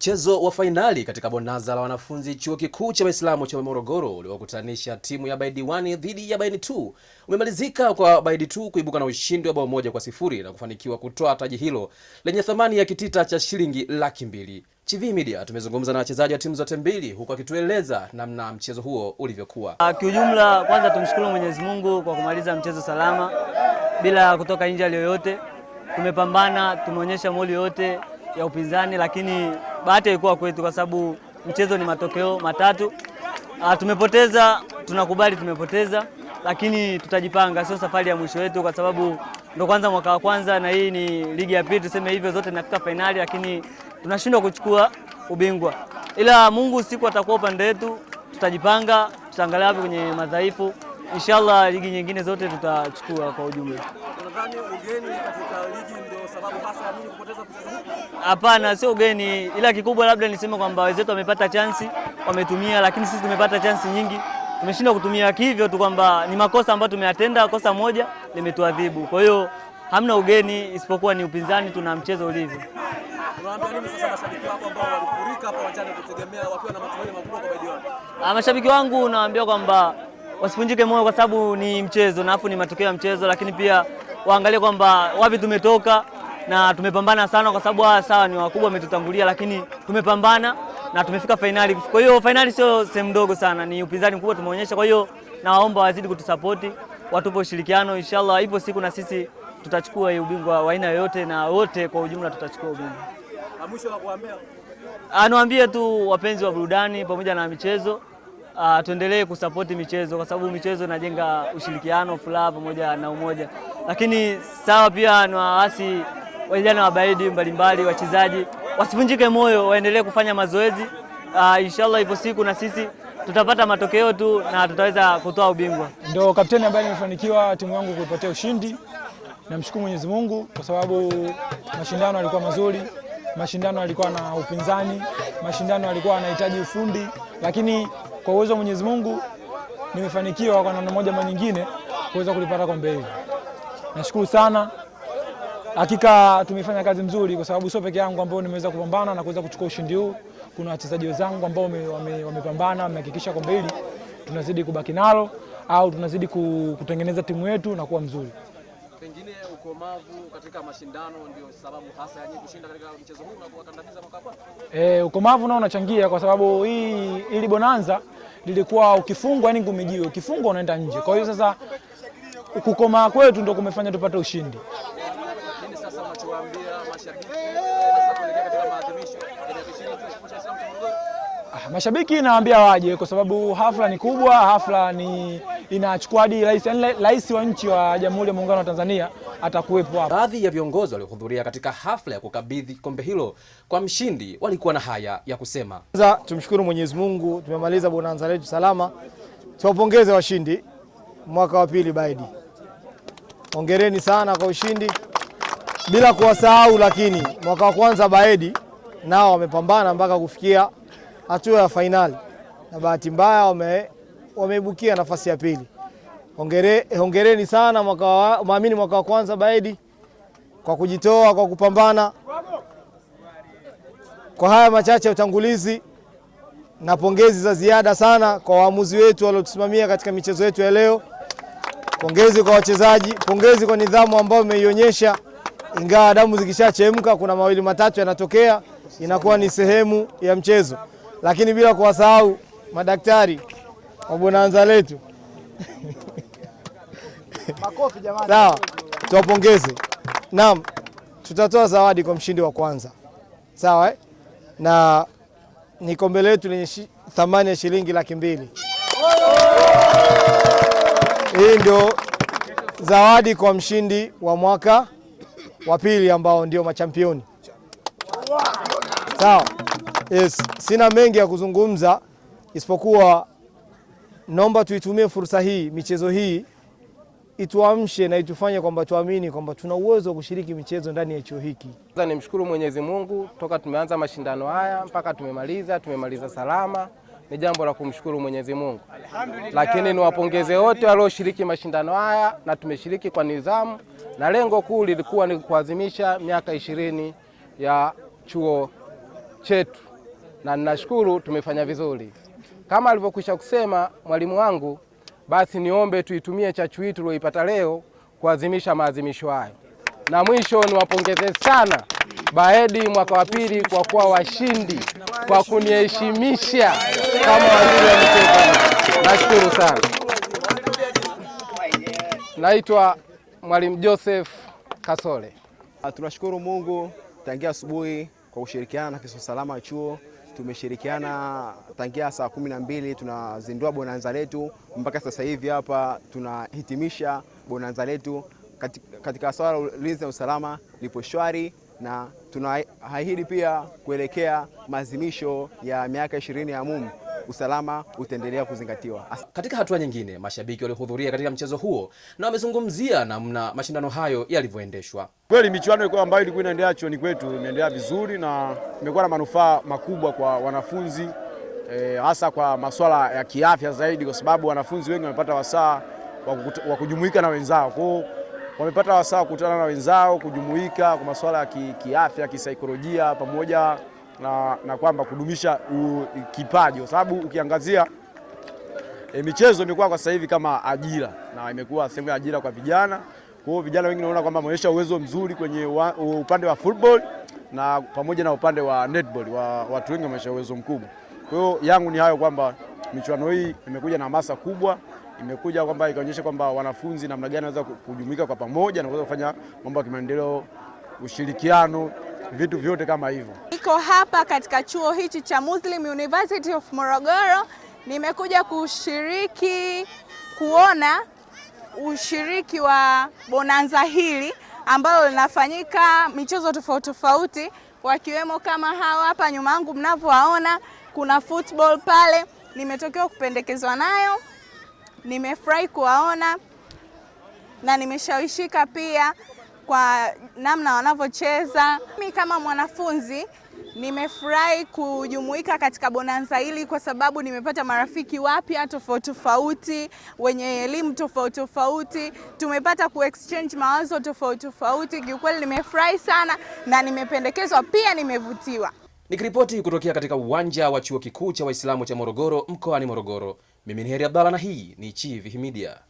Mchezo wa fainali katika bonanza la wanafunzi chuo kikuu cha Waislamu cha Morogoro uliokutanisha timu ya Baidi 1 dhidi ya Baidi 2 umemalizika kwa Baidi 2 kuibuka na ushindi wa bao moja kwa sifuri na kufanikiwa kutoa taji hilo lenye thamani ya kitita cha shilingi laki mbili. Chivihi Media tumezungumza na wachezaji wa timu zote mbili huku akitueleza namna mchezo huo ulivyokuwa. Ah, kiujumla, kwanza tumshukuru Mwenyezi Mungu kwa kumaliza mchezo salama bila kutoka injali yoyote. Tumepambana, tumeonyesha moli yote ya upinzani lakini bahati haikuwa kwetu, kwa sababu mchezo ni matokeo matatu. Uh, tumepoteza, tunakubali tumepoteza, lakini tutajipanga. Sio safari ya mwisho wetu, kwa sababu ndo kwanza mwaka wa kwanza, na hii ni ligi ya pili, tuseme hivyo. Zote zinafika fainali, lakini tunashindwa kuchukua ubingwa, ila Mungu siku atakuwa upande wetu. Tutajipanga, tutaangalia wapi kwenye madhaifu. Inshallah ligi nyingine zote tutachukua kwa ujumla. Nadhani ugeni katika ligi ndio sababu hasa ya mimi kupoteza mchezo huu. Hapana, sio ugeni, ila kikubwa labda niseme kwamba wenzetu wamepata chansi, wametumia, lakini sisi tumepata chansi nyingi tumeshindwa kutumia, hivyo tu kwamba ni makosa ambayo tumeyatenda, kosa moja limetuadhibu. Kwa hiyo hamna ugeni, isipokuwa ni upinzani, tuna mchezo ulivyo. Ah, mashabiki wangu nawaambia kwamba wasifunjike moyo, kwa sababu ni mchezo na afu ni matokeo ya mchezo, lakini pia waangalie kwamba wapi tumetoka na tumepambana sana, kwa sababu sawa ni wakubwa wametutangulia, lakini tumepambana na tumefika fainali. Kwa hiyo fainali sio sehemu ndogo sana, ni upinzani mkubwa tumeonyesha. Kwa hiyo nawaomba wazidi kutusapoti, watupe ushirikiano. Inshallah ipo siku na sisi tutachukua ubingwa wa aina yoyote, na wote kwa ujumla tutachukua ubingwa. Mwisho anawaambia ah, tu wapenzi wa burudani pamoja na michezo uh, tuendelee kusapoti michezo kwa sababu michezo inajenga ushirikiano, furaha pamoja na umoja. Lakini sawa pia na waasi vijana wa baidi mbalimbali, wachezaji wasivunjike moyo, waendelee kufanya mazoezi uh, inshallah ipo siku na sisi tutapata matokeo tu na tutaweza kutoa ubingwa. Ndio kapteni ambaye nimefanikiwa timu yangu kuipatia ushindi. Namshukuru Mwenyezi Mungu kwa sababu mashindano yalikuwa mazuri, mashindano yalikuwa na upinzani, mashindano yalikuwa yanahitaji ufundi, lakini kwa uwezo wa Mwenyezi Mungu nimefanikiwa kwa namna moja ama nyingine kuweza kulipata kombe hili. Nashukuru sana. Hakika tumefanya kazi nzuri kwa sababu sio peke yangu ambao nimeweza kupambana na kuweza kuchukua ushindi huu. Kuna wachezaji wenzangu ambao wamepambana, wame wamehakikisha kombe hili tunazidi kubaki nalo au tunazidi kutengeneza timu yetu na kuwa mzuri pengine ukomavu katika mashindano ndio sababu hasa ya nyinyi kushinda katika mchezo huu na kuwakandamiza mwaka hapa? Eh, ukomavu nao unachangia kwa sababu hii ili bonanza lilikuwa ukifungwa yani ngumejiwe, ukifungwa unaenda nje. Kwa hiyo sasa kukomaa kwetu ndio kumefanya tupate ushindi. Mashabiki nawaambia waje kwa sababu hafla ni kubwa, hafla ni inachukua hadi rais, yani rais wa nchi wa Jamhuri ya Muungano wa Tanzania atakuwepo hapo. Baadhi ya viongozi waliohudhuria katika hafla ya kukabidhi kombe hilo kwa mshindi walikuwa na haya ya kusema. Kwanza tumshukuru Mwenyezi Mungu, tumemaliza bonanza letu salama. Tuwapongeze washindi mwaka wa pili baidi, hongereni sana kwa ushindi, bila kuwasahau lakini mwaka wa kwanza baedi nao wamepambana mpaka kufikia hatua ya fainali na bahati mbaya wame, wameibukia nafasi ya pili. Hongere, hongereni sana maamini mwaka wa kwanza Baedi kwa kujitoa, kwa kupambana. Kwa haya machache ya utangulizi na pongezi za ziada sana kwa waamuzi wetu waliotusimamia katika michezo yetu ya leo. Pongezi kwa wachezaji, pongezi kwa nidhamu ambayo umeionyesha, ingawa damu zikishachemka kuna mawili matatu yanatokea, inakuwa ni sehemu ya mchezo lakini bila kuwasahau madaktari wa bonanza letu makofi jamani. Sawa, tuwapongeze. Naam, tutatoa zawadi kwa mshindi wa kwanza sawa eh? na ni kombe letu lenye thamani ya shilingi laki mbili. Hii ndio zawadi kwa mshindi wa mwaka wa pili ambao ndio machampioni sawa. Yes, sina mengi ya kuzungumza isipokuwa naomba tuitumie fursa hii, michezo hii ituamshe na itufanye kwamba tuamini kwamba tuna uwezo wa kushiriki michezo ndani ya chuo hiki. Kwanza nimshukuru Mwenyezi Mungu, toka tumeanza mashindano haya mpaka tumemaliza, tumemaliza salama, ni jambo la kumshukuru Mwenyezi Mungu. Lakini niwapongeze wote walioshiriki mashindano haya, na tumeshiriki kwa nidhamu, na lengo kuu lilikuwa ni kuadhimisha miaka ishirini ya chuo chetu na ninashukuru tumefanya vizuri. Kama alivyokwisha kusema mwalimu wangu, basi niombe tuitumie chachu hii tulioipata leo kuadhimisha maadhimisho hayo. Na mwisho niwapongeze sana Baedi mwaka wa pili kwa kuwa washindi, kwa kuniheshimisha kama waziri wa michezo. Nashukuru sana. Naitwa Mwalimu Joseph Kasole. Tunashukuru Mungu tangia asubuhi kwa kushirikiana na Kisusalama chuo tumeshirikiana tangia saa kumi na mbili tunazindua bonanza letu mpaka sasa hivi hapa tunahitimisha bonanza letu. Katika swala la ulinzi na usalama lipo shwari, na tunaahidi pia kuelekea maazimisho ya miaka ishirini ya MUM usalama utaendelea kuzingatiwa. Katika hatua nyingine, mashabiki waliohudhuria katika mchezo huo na wamezungumzia namna mashindano hayo yalivyoendeshwa. Kweli michuano ambayo ilikuwa inaendelea chuoni kwetu imeendelea vizuri na imekuwa na manufaa makubwa kwa wanafunzi eh, hasa e, kwa masuala ya kiafya zaidi, kwa sababu wanafunzi wengi wamepata wasaa wa kujumuika na wenzao kwao wamepata wasaa kukutana na wenzao, kujumuika kwa masuala ya kiafya, kisaikolojia pamoja na, na kwamba kudumisha kipaji kwa sababu ukiangazia e, michezo imekuwa kwa sasa hivi kama ajira na imekuwa sehemu ya ajira kwa vijana. Kwa hiyo vijana wengi naona kwamba wameonyesha uwezo mzuri kwenye wa, upande wa football na pamoja na upande wa netball wa, watu wengi wameonyesha uwezo mkubwa. Kwa hiyo yangu ni hayo kwamba michuano hii imekuja na hamasa kubwa, imekuja kwamba ikaonyesha kwamba wanafunzi namna gani wanaweza kujumuika kwa pamoja na kuweza kufanya mambo ya kimaendeleo, ushirikiano vitu vyote kama hivyo. Niko hapa katika chuo hichi cha Muslim University of Morogoro, nimekuja kushiriki kuona ushiriki wa bonanza hili ambalo linafanyika michezo tofauti tofauti, wakiwemo kama hawa hapa nyuma yangu mnavyowaona, kuna football pale. Nimetokewa kupendekezwa nayo, nimefurahi kuwaona na nimeshawishika pia kwa namna wanavyocheza. Mimi kama mwanafunzi nimefurahi kujumuika katika bonanza hili kwa sababu nimepata marafiki wapya tofauti tofauti wenye elimu tofauti tofauti, tumepata ku exchange mawazo tofauti tofauti. Kiukweli nimefurahi sana na nimependekezwa pia, nimevutiwa. Nikiripoti kutokea katika uwanja wa chuo kikuu cha Waislamu cha Morogoro mkoani Morogoro, mimi ni Heri Abdalla na hii ni Chivihi Media.